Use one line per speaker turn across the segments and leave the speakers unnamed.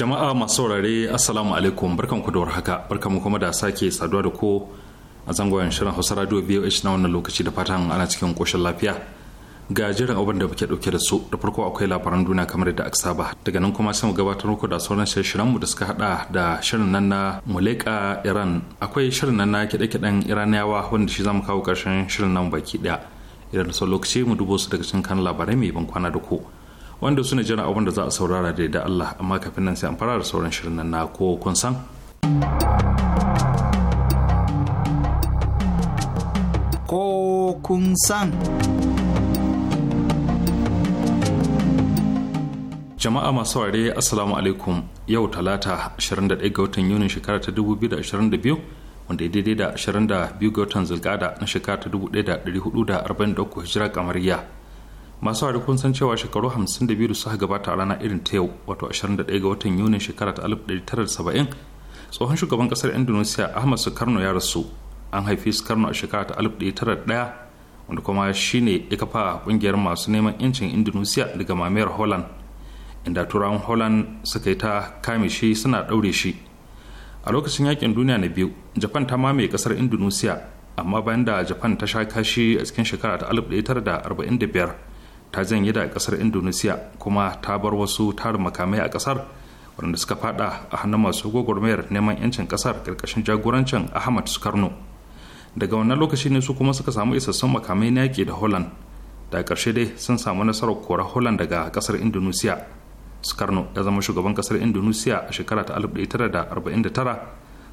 jama'a masu saurare assalamu alaikum barkan ku da warhaka barkan kuma da sake saduwa da ko a zangon shirin hausa radio voh na wannan lokaci da fatan ana cikin koshin lafiya ga jiran abin da muke dauke da su da farko akwai labaran duniya kamar da aka saba daga nan kuma sai mu gabatar muku da sauran shirin mu da suka hada da shirin nan na muleka iran akwai shirin nan na kiɗe-kiɗen iraniyawa wanda shi zamu kawo karshen shirin nan baki daya idan da lokaci mu dubo su daga cikin kan labarai mai ban kwana da ku wanda su ne jiran abin da za a saurara da da Allah amma kafin nan sai an fara da sauran shirin nan na ko kun san.
Ko kun san.
Jama'a masu ware Assalamu alaikum yau talata 21 ga watan Yunin shekara ta 2022 wanda ya daidai da 22 ga watan zulgada na shekara ta 1443 hijira kamariya. masu hari kun san cewa shekaru 52 da suka gabata a rana irin ta yau wato 21 ga watan yunin shekara ta 1970 tsohon shugaban kasar indonesia ahmad sukarno ya rasu an haifi sukarno a shekara ta 1901 wanda kuma shine ya kafa kungiyar masu neman yancin indonesia daga mamayar holland inda turawan holland suka yi ta kame shi suna daure shi a lokacin yakin duniya na biyu japan ta mamaye kasar indonesia amma bayan da japan ta sha kashi a cikin shekara ta 1945 ta janye da kasar indonesia kuma ta bar wasu tarin makamai a kasar waɗanda suka fada a hannun masu gwagwarmayar neman yancin kasar ƙarƙashin jagorancin ahmad sukarno daga wannan lokaci ne su kuma suka samu isassun makamai na yaƙi da holland da ƙarshe dai sun samu nasarar kora holland daga kasar indonesia sukarno ya zama shugaban kasar indonesia a shekara ta 1949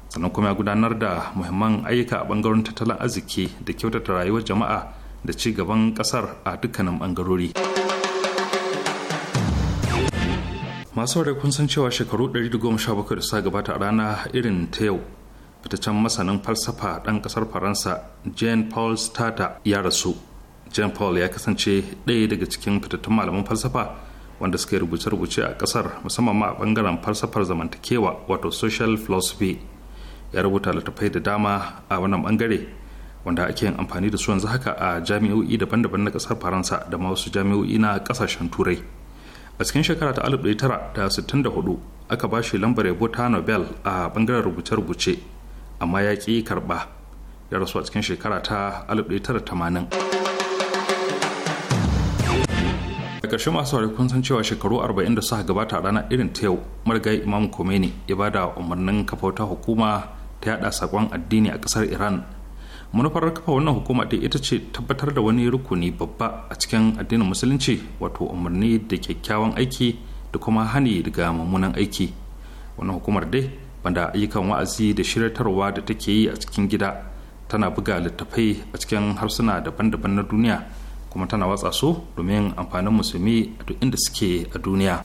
sannan kuma ya gudanar da muhimman ayyuka a bangaren tattalin arziki da kyautata rayuwar jama'a da ci gaban ƙasar a dukkanin bangarori. masu wadda kun san cewa shekaru 117 da suka gabata a rana irin ta yau fitaccen masanin falsafa ɗan ƙasar faransa jean paul stata ya rasu jean paul ya kasance ɗaya daga cikin fitattun malaman falsafa wanda suka yi rubuce-rubuce a ƙasar musamman ma a bangaren falsafar zamantakewa wato social philosophy ya rubuta littattafai da dama a wannan bangare. wanda ake yin amfani da su yanzu haka a jami'o'i daban-daban na kasar faransa da ma wasu jami'o'i na kasashen turai a cikin shekara ta 1964 aka ba shi lambar yabo ta nobel a bangaren rubuce-rubuce amma ya ƙi karba ya rasu a cikin shekara ta 1980 karshe masu saurari kun san cewa shekaru 40 da suka gabata a ranar irin ta yau marigayi imam Khomeini ya bada umarnin kafauta hukuma ta yada sakon addini a ƙasar iran manufar kafa wannan hukuma dai ita ce tabbatar da wani rukuni babba a cikin addinin musulunci wato umarni da kyakkyawan aiki da kuma hani daga mummunan aiki wannan hukumar dai banda ayyukan wa'azi da shiryatarwa da take yi a cikin gida tana buga littattafai a cikin harsuna daban-daban na duniya kuma tana watsa su domin amfanin musulmi a duk inda suke a duniya.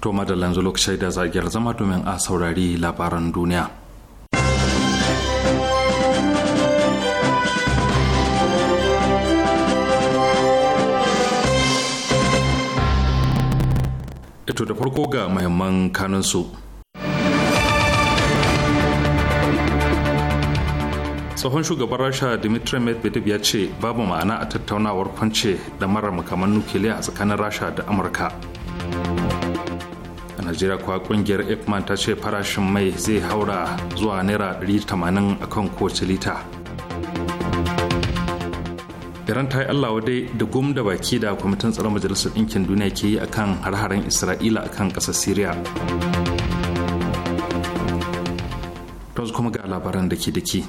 to madalla yanzu lokacin da zagiyar zama domin a saurari labaran duniya ito da farko ga mahimman kanunsu tsohon shugaban rasha dimitri medvedev ya ce babu ma'ana a tattaunawar kwance da mara makaman nukiliya a tsakanin rasha da amurka najeriya kuwa kungiyar ipman ta ce farashin mai zai haura zuwa naira 180 akan kowace lita iran ta yi allah wadai da gum da baki da kwamitin tsaron majalisar ɗinkin duniya ke yi akan har-haren isra'ila akan ƙasar siriya Tos kuma ga labaran da ke daki.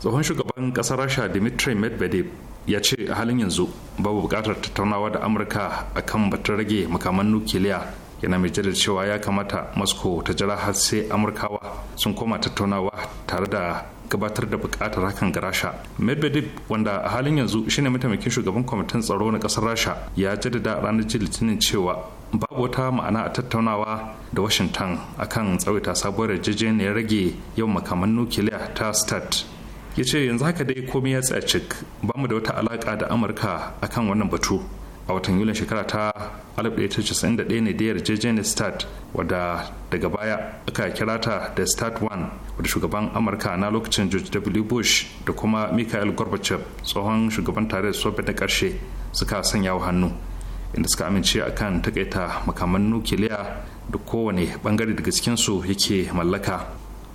tsohon shugaban ƙasar rasha dmitry medvedev ya ce a halin yanzu babu buƙatar tattaunawa da amurka akan batun rage makaman nukiliya yana mai jada cewa ya kamata moscow ta jira har sai amurkawa sun koma tattaunawa tare da gabatar da bukatar hakan ga rasha medvedev wanda a halin yanzu shine mataimakin shugaban kwamitin tsaro na kasar rasha ya jaddada ranar jin litinin cewa babu wata ma'ana a tattaunawa da washington akan tsawaita sabuwar yarjejeniyar rage yawan makaman nukiliya ta start ya ce yanzu haka dai komai ya tsaya cik ba mu da wata alaka da amurka akan wannan batu a watan yulin shekara ta 1991 ne da yarjejeniyar start wadda daga baya aka kira ta da start one wadda shugaban amurka na lokacin george w bush da kuma mikhail gorbachev tsohon shugaban tarayyar soviet na karshe suka sanya wa hannu inda suka amince a kan takaita makaman nukiliya da kowane bangare daga cikinsu yake mallaka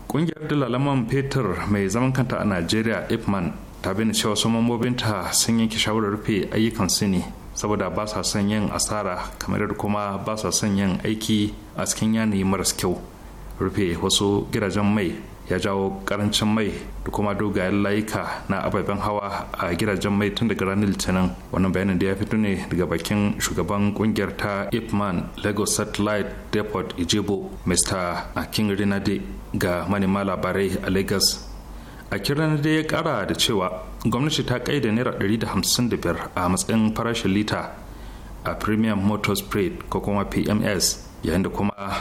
ƙungiyar dalalaman fetur mai zaman kanta a najeriya ipman ta bayyana cewa su mambobinta sun yanke shawarar rufe ayyukan su ne saboda ba sa son yin asara kamar da kuma ba sa son yin aiki a cikin yanayi maras kyau rufe wasu gidajen mai ya jawo karancin mai da kuma dogayen layuka na ababen hawa a gidajen mai tun daga ranar litinin wannan bayanin da ya fito ne daga bakin shugaban kungiyar ta ipman lagos satellite depot ijebo mr akin rinade ga manema labarai a lagos a kiran da ya kara da cewa gwamnati ta kai da naira 155 a matsayin farashin lita a premium motor spread ko kuma pms yayin da kuma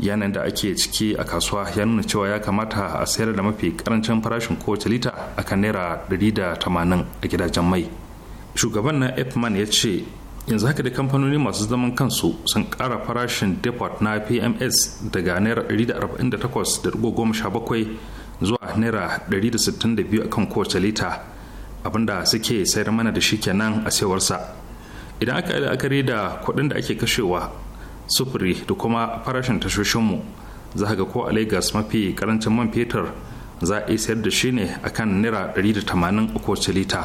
yanayin da ake ciki a kasuwa ya nuna cewa ya kamata a sayar da mafi karancin farashin kowace lita akan naira 180 a gidajen mai shugaban na epman ya ce yanzu haka da kamfanoni masu zaman kansu sun kara farashin depot na pms daga naira 148.17 zuwa naira 162 kan kowace lita abinda suke sayar mana da shi kenan a cewarsa idan aka yi la'akari da kuɗin da ake kashewa sufuri da kuma farashin tashoshinmu za ga ko a lagos mafi karancin man fetur za a sayar da shi ne a akan naira 180 a kowace lita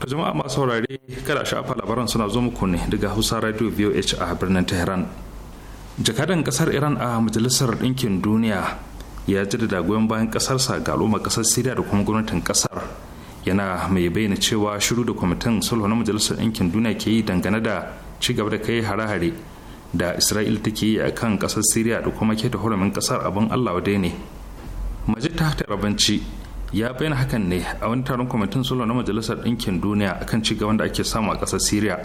to jama'a masu saurare kada shafa labaran suna zo muku ne daga hausa radio voh a birnin tehran jakadan kasar iran a majalisar ɗinkin duniya ya da goyon bayan kasarsa ga al'ummar kasar siriya da kuma gwamnatin kasar yana mai bayyana cewa shiru da kwamitin sulhu na majalisar ɗinkin duniya ke yi dangane da ci gaba da kai hare-hare da isra'il take yi a kan kasar siriya da kuma keta hurumin kasar abin allah wadai ne majita ta rabanci ya bayyana hakan ne a wani taron kwamitin sulhu na majalisar ɗinkin duniya akan ci gaban da ake samu a kasar siriya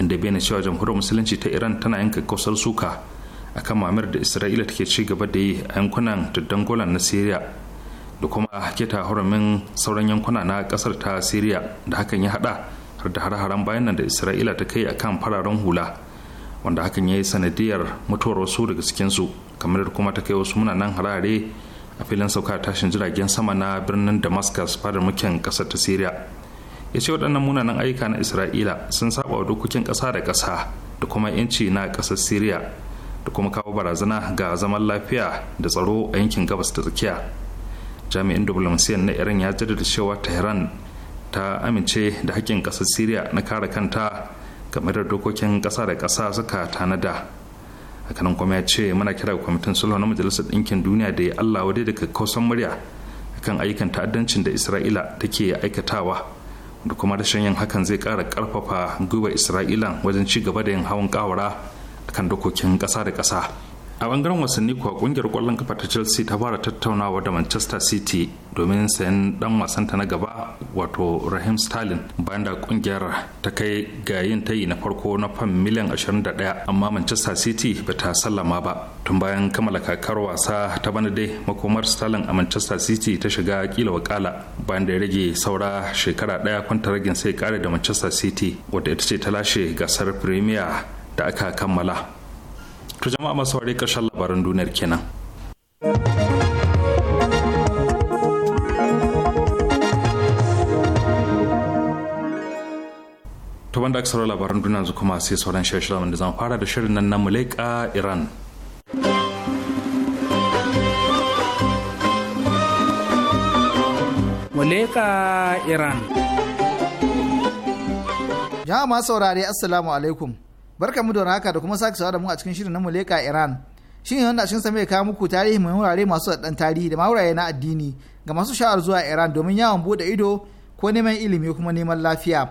inda bayyana cewa jamhuriyar musulunci ta iran tana yanka kausar suka akan mamayar da isra'ila take ci gaba da yi a yankunan tuddan golan na syria da kuma keta huramin sauran yankuna na kasar ta syria da hakan ya hada har da har-haren bayan nan da isra'ila ta kai akan fararen hula wanda hakan ya yi sanadiyar mutuwar wasu daga cikinsu kamar da kuma ta kai wasu munanan harare a filin sauka tashin jiragen sama na birnin damascus fadar mukin kasar ta syria ya ce waɗannan munanan ayyuka na isra'ila sun saba wa dokokin ƙasa da ƙasa da kuma yanci na ƙasar syria da kuma kawo barazana ga zaman lafiya da tsaro a yankin gabas da tsakiya jami'in diplomasiyan na iran ya jaddada cewa tehran ta amince da hakkin kasar syria na kare kanta game da dokokin kasa da kasa suka tanada hakanan kuma ya ce muna kira kwamitin sulhu na majalisar ɗinkin duniya da ya allah wadai daga kausan murya kan ayyukan ta'addancin da isra'ila take aikatawa da kuma rashin yin hakan zai ƙara karfafa gwiwa isra'ilan wajen ci gaba da yin hawan ƙawara kan dokokin ƙasa da ƙasa a bangaren wasanni kuwa kungiyar kwallon kafa ta chelsea ta fara tattaunawa da manchester city domin sayan dan wasanta na gaba wato rahim stalin bayan da kungiyar ta kai ga yin tayi na farko na fam miliyan 21 amma manchester city ba ta sallama ba tun bayan kammala kakar wasa ta bana dai makomar stalin a manchester city ta shiga kila wakala bayan da ya rage saura shekara daya ragin sai kare da manchester city wadda ita ce ta lashe gasar premier da aka kammala to jama'a masu ware ƙarshen labaran duniyar kenan to wanda aka saurara labaran duniya su kuma sai sauran shirye shirye da zan fara da shirin nan na muleka iran muleka iran
jama'a masu saurare assalamu alaikum barka mu da haka da kuma sake sawa da mu a cikin shirin na muleka iran shin wanda cikin sa mai kawo muku tarihi mai wurare masu daɗan tarihi da ma wurare na addini ga masu sha'ar zuwa iran domin yawon bude ido ko neman ilimi kuma neman lafiya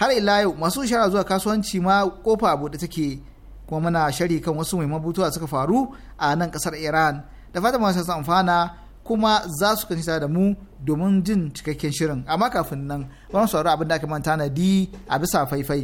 har ila yau masu sha'ar zuwa kasuwanci ma kofa bude take kuma muna shari kan wasu muhimman butuwa suka faru a nan kasar iran da fatan masu san amfana kuma za su kanci da mu domin jin cikakken shirin amma kafin nan wani sauraro abin da aka manta na di a bisa faifai.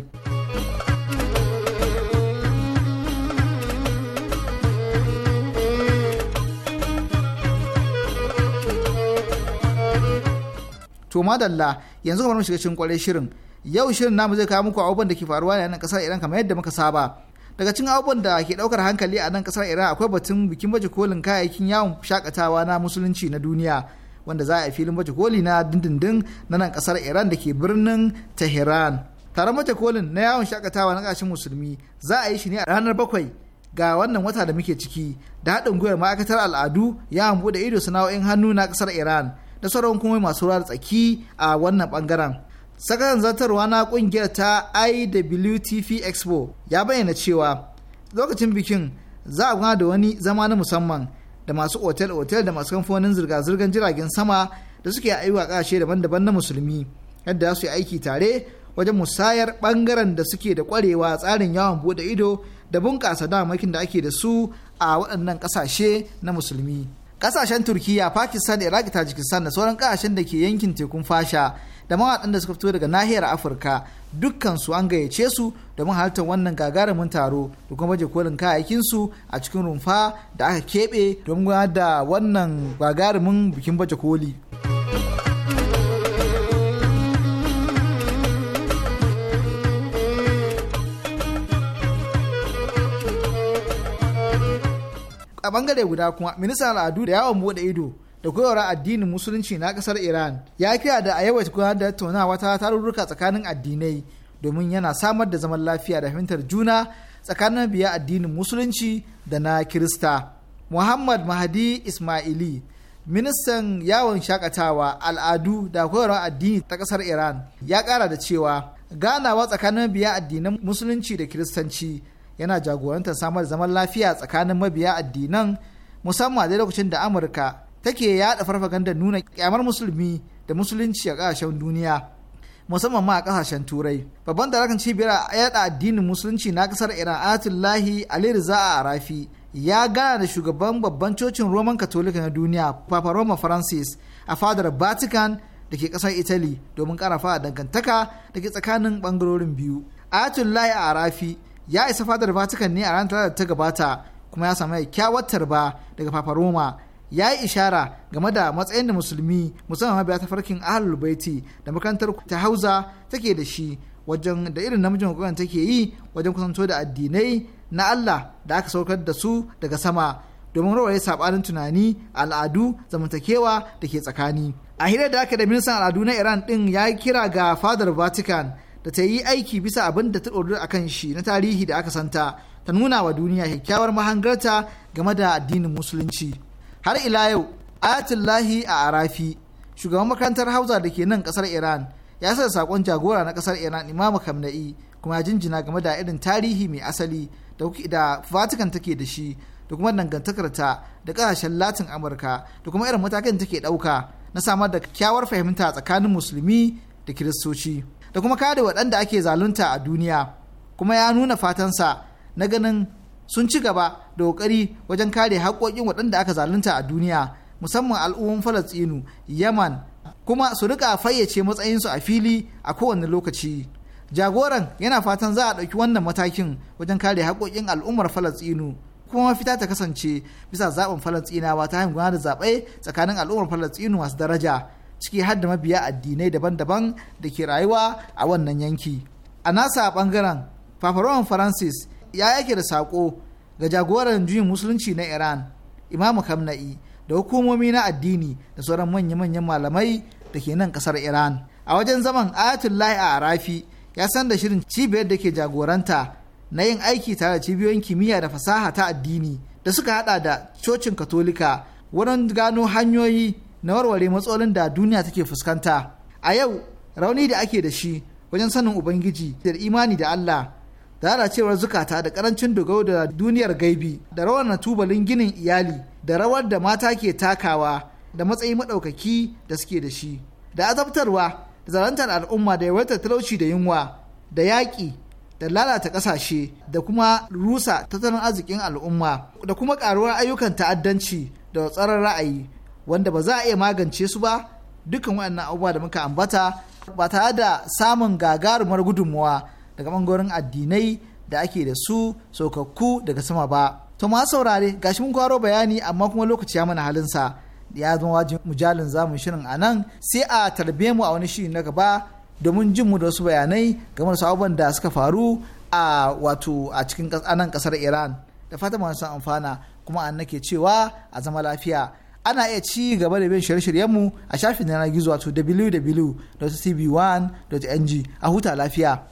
to madalla yanzu kamar mu shiga cikin kwarai shirin yau shirin namu zai kawo muku abubuwan da ke faruwa ne a nan kasar iran kamar yadda muka saba daga cikin abubuwan da ke daukar hankali a nan kasar iran akwai batun bikin baje kolin kayayyakin yawon shakatawa na musulunci na duniya wanda za a yi filin baje koli na dindindin na nan kasar iran da ke birnin tehran taron baje kolin na yawon shakatawa na kashin musulmi za a yi shi ne a ranar bakwai ga wannan wata da muke ciki da haɗin gwiwar ma'aikatar al'adu yawon bude ido sana'o'in hannu na kasar iran da sauran kuma masu ruwa tsaki a wannan bangaren. Sakatan zartarwa na kungiyar ta IWTP Expo ya bayyana cewa lokacin bikin za a da wani zama na musamman da masu otel-otel da masu kamfanin zirga-zirgar jiragen sama da suke aiwa kashe daban-daban na musulmi yadda su yi aiki tare wajen musayar bangaren da suke da kwarewa tsarin yawon bude ido da bunƙasa damakin da ake da su a waɗannan ƙasashe na musulmi. kasashen turkiya pakistan iraq tajikistan da sauran kasashen da ke yankin tekun fasha da mawaɗan da suka fito daga nahiyar afirka dukkan su an gayyace su domin halartar wannan gagarumin taro da kuma baje kolin kayayyakin su a cikin rumfa da aka keɓe don domin da wannan gagarumin bikin baje koli. a bangare guda kuma ministan al'adu da yawon bude ido da koyarwar addinin musulunci na kasar iran ya kira da a yawaita gudanar da tattaunawa ta tarurruka tsakanin addinai domin yana samar da zaman lafiya da fahimtar juna tsakanin biya addinin musulunci da na kirista muhammad mahadi ismaili ministan yawon shakatawa al'adu da koyarwar addini ta kasar iran ya kara da cewa ganawa tsakanin biya addinan musulunci da kiristanci yana jagorantar samar da zaman lafiya tsakanin mabiya addinan musamman a lokacin da amurka take yada farfaganda nuna kyamar musulmi da musulunci a kasashen duniya musamman ma a kasashen turai babban darakan cibiyar a yada addinin musulunci na kasar iran ayatullahi ali riza a arafi ya gana da shugaban babban cocin roman katolika na duniya papa roma francis a fadar vatican da ke kasar italy domin karafa dangantaka da ke tsakanin bangarorin biyu ayatullahi a arafi ya isa fadar Vatican ne a ranar talata ta gabata kuma ya samu kyakkyawar tarba daga Papa Roma ya yi ishara game da matsayin da musulmi musamman mabiya ta farkin ahlul baiti da makarantar ta hauza take da shi wajen da irin namijin kokarin take yi wajen kusanto da addinai na Allah da aka saukar da su daga sama domin rawaye sabanin tunani al'adu zamantakewa da ke tsakani a hirar da aka da ministan al'adu na iran din ya kira ga fadar vatican da ta yi aiki bisa abin da ta ɗori a kan shi na tarihi da aka santa ta nuna wa duniya kyakkyawar mahangarta game da addinin musulunci har ila yau ayatullahi a arafi shugaban makarantar hausa da ke nan kasar iran ya sa saƙon jagora na kasar iran imamu kamna'i kuma jinjina game da irin tarihi mai asali da vatican take da shi da kuma ta da kasashen latin amurka da kuma irin matakan take ɗauka na samar da kyakkyawar fahimta tsakanin musulmi da kiristoci da kuma kare waɗanda ake zalunta a duniya kuma ya nuna fatansa na ganin sun ci gaba da ƙoƙari wajen kare haƙoƙin waɗanda aka zalunta a duniya musamman al'umman falastinu yaman kuma su rika fayyace matsayinsu a fili a kowane lokaci jagoran yana fatan za a ɗauki wannan matakin wajen kare haƙoƙin al'ummar falastinu kuma mafita ta kasance bisa zaɓin falastinawa ta hanyar da zaɓe tsakanin al'ummar falastinu masu daraja ciki har da mabiya addinai daban-daban da ke rayuwa a wannan yanki a nasa bangaren fafaroman francis ya yake da saƙo ga jagoran juyin musulunci na iran imamu kamna'i da hukumomi na addini da sauran manya-manyan malamai da ke nan ƙasar iran a wajen zaman ayatullahi a arafi ya san da shirin cibiyar da ke jagoranta na yin aiki tare da cibiyoyin kimiyya da fasaha ta addini da suka hada da cocin katolika wurin gano hanyoyi na warware matsalolin da duniya take fuskanta a yau rauni da ake da shi wajen sanin ubangiji da imani da Allah da lalacewar zukata da karancin dogaro da duniyar gaibi da rawar na tubalin ginin iyali da rawar da mata ke takawa da matsayi maɗaukaki da suke da shi da azabtarwa da zarantar al'umma da yawaitar talauci da yunwa da yaƙi da lalata ƙasashe da kuma rusa tattalin arzikin al'umma da kuma ƙaruwar ayyukan ta'addanci da tsaron ra'ayi wanda ba za a iya magance su ba dukkan waɗannan abubuwa da muka ambata ba tare da samun gagarumar gudunmuwa daga ɓangaren addinai da ake da su saukakku daga sama ba. To ma saurare gashi mun kwaro bayani amma kuma lokaci ya mana halinsa ya zama wajen mujalin zamu shirin a nan sai a tarbe mu a wani shiri na gaba domin jin mu da wasu bayanai game da abubuwan da suka faru a wato a cikin anan kasar Iran da fata masu amfana kuma an nake cewa a zama lafiya. ana iya ci gaba da bin shirye-shiryenmu a shafin yanar gizo wato www.tv1.ng a huta lafiya.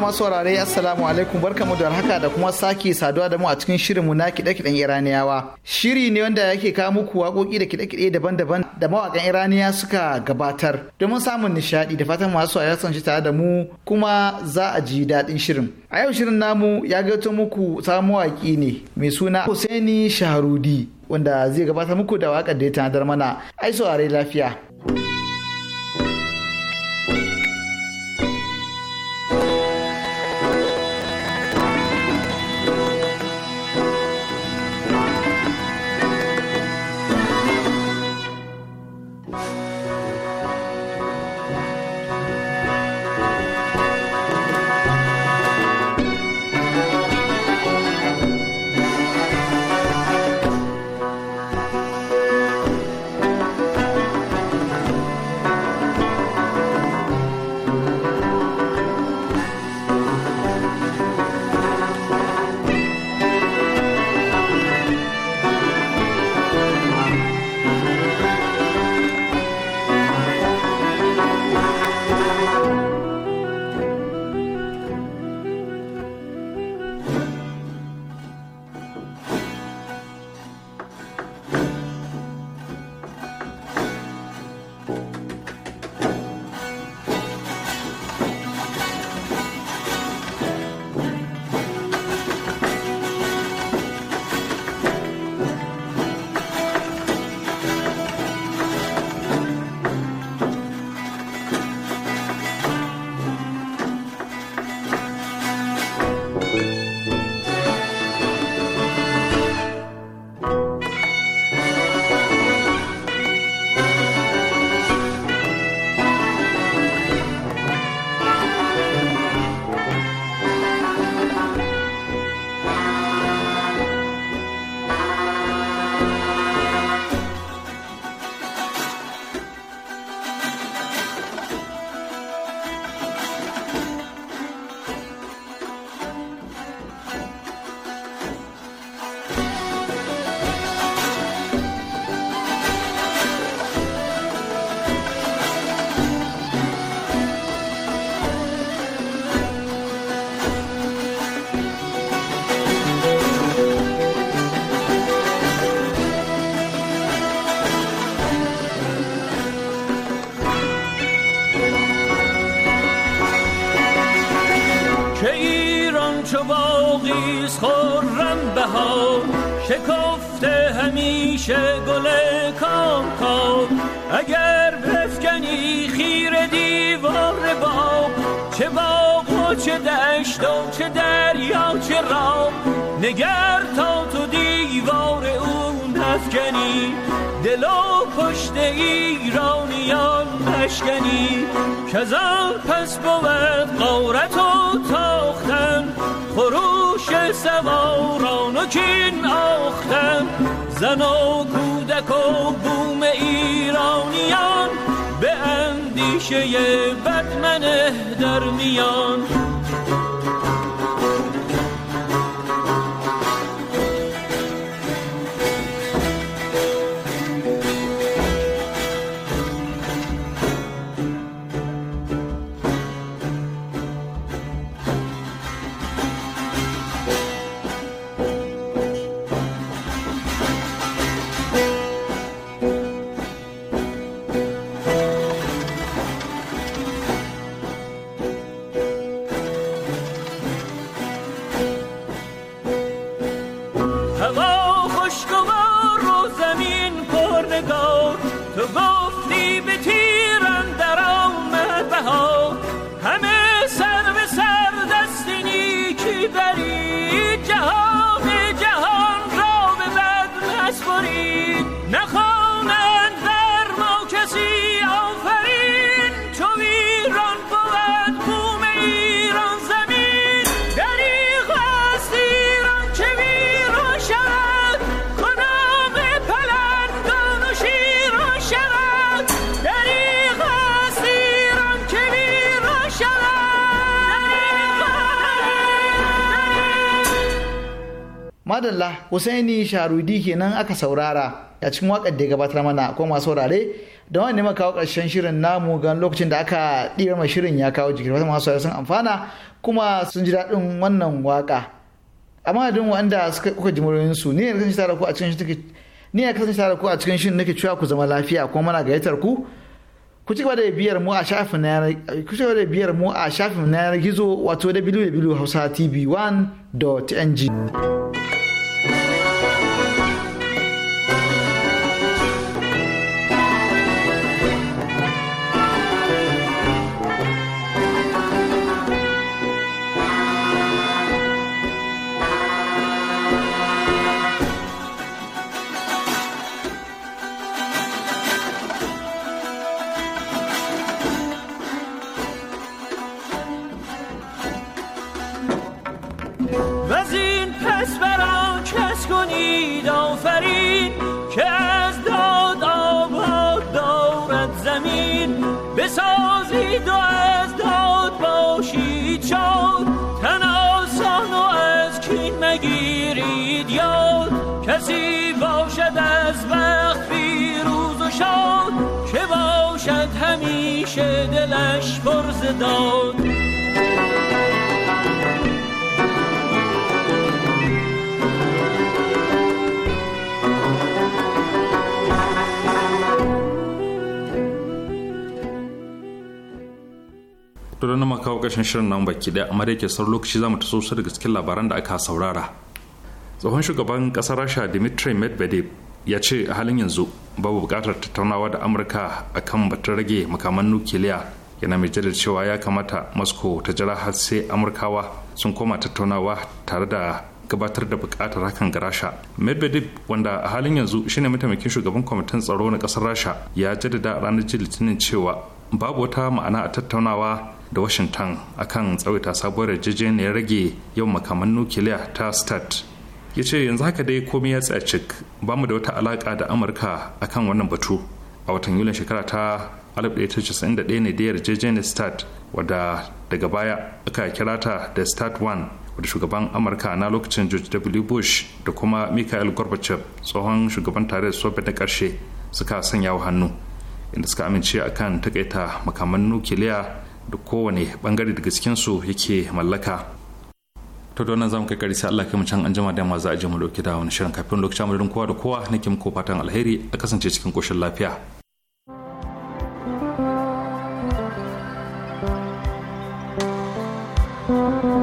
masu warare assalamu alaikum barkamu da haka da kuma sake saduwa da mu a cikin shirin mu na kiɗe-kiɗen iraniyawa shiri ne wanda yake kawo muku waƙoƙi da kiɗe-kiɗe daban-daban da mawaƙan iraniya suka gabatar domin samun nishaɗi da fatan masu ya sanci tare da mu kuma za a ji daɗin shirin a yau shirin namu ya gato muku samun mawaƙi ne mai suna Hussaini Shaharudi wanda zai gabatar muku da waƙar da ya tanadar mana ai saurare lafiya.
اگر بفکنی خیر دیوار باب چه باغ و چه دشت و چه دریا چه راه نگر تا تو دیوار اون نفکنی دل و پشت ایرانیان پشکنی کزان پس بود قارت و تاختن خروش سواران و کین آختن زن و کودک و بوم ایرانیان به اندیشه بدمنه در میان
madalla husaini sharudi kenan aka saurara a cikin wakar da gabatar mana ko masu saurare da wani ne kawo karshen shirin namu gan lokacin da aka ɗira mai shirin ya kawo jikin wata masu sun amfana kuma sun ji daɗin wannan waka amma da wanda suka kuka ji muryoyin su ne kasance tare ku a cikin shi ni ne kasance tare ku a cikin shirin nake cewa ku zama lafiya kuma mana gayyatar ku ku ci gaba da biyar mu a shafin na ku ci gaba da biyar mu a shafin na gizo wato www.hausa tv1.ng
خورشید که از داد آباد دارد زمین بسازید و از داد باشید شاد تن آسان و از کین مگیرید یاد کسی باشد از وقت فیروز و شاد که باشد همیشه دلش پرز داد
to da makawa kawo shirin nan baki ɗaya amma da yake sauran lokaci za mu taso su daga cikin labaran da aka saurara tsohon shugaban ƙasar rasha dimitri medvedev ya ce a halin yanzu babu buƙatar tattaunawa da amurka akan batun rage makaman nukiliya yana mai jaddada cewa ya kamata moscow ta jira har sai amurkawa sun koma tattaunawa tare da gabatar da bukatar hakan ga rasha medvedev wanda a halin yanzu shine mataimakin shugaban kwamitin tsaro na kasar rasha ya jaddada ranar litinin cewa babu wata ma'ana a tattaunawa da washington akan tsawaita sabuwar yarjejeniyar rage yawan makaman nukiliya ta start ya ce yanzu haka dai komai ya tsaya cik ba mu da wata alaka da amurka akan wannan batu a watan yulin shekara ta 1991 ne da yarjejeniyar start wadda daga baya aka kira ta da start 1 wadda shugaban amurka na lokacin george w bush da kuma mikhail gorbachev tsohon shugaban tare da soviet na karshe suka sanya wa hannu inda suka amince a kan takaita makaman nukiliya da kowane bangare daga cikinsu yake mallaka to donan zamu kai kari Allah kai mu can anjima da ma za a je mu dauki da wani shirin kafin lokacin mu kowa da kowa nake muku fatan alheri a kasance cikin koshin lafiya
thank you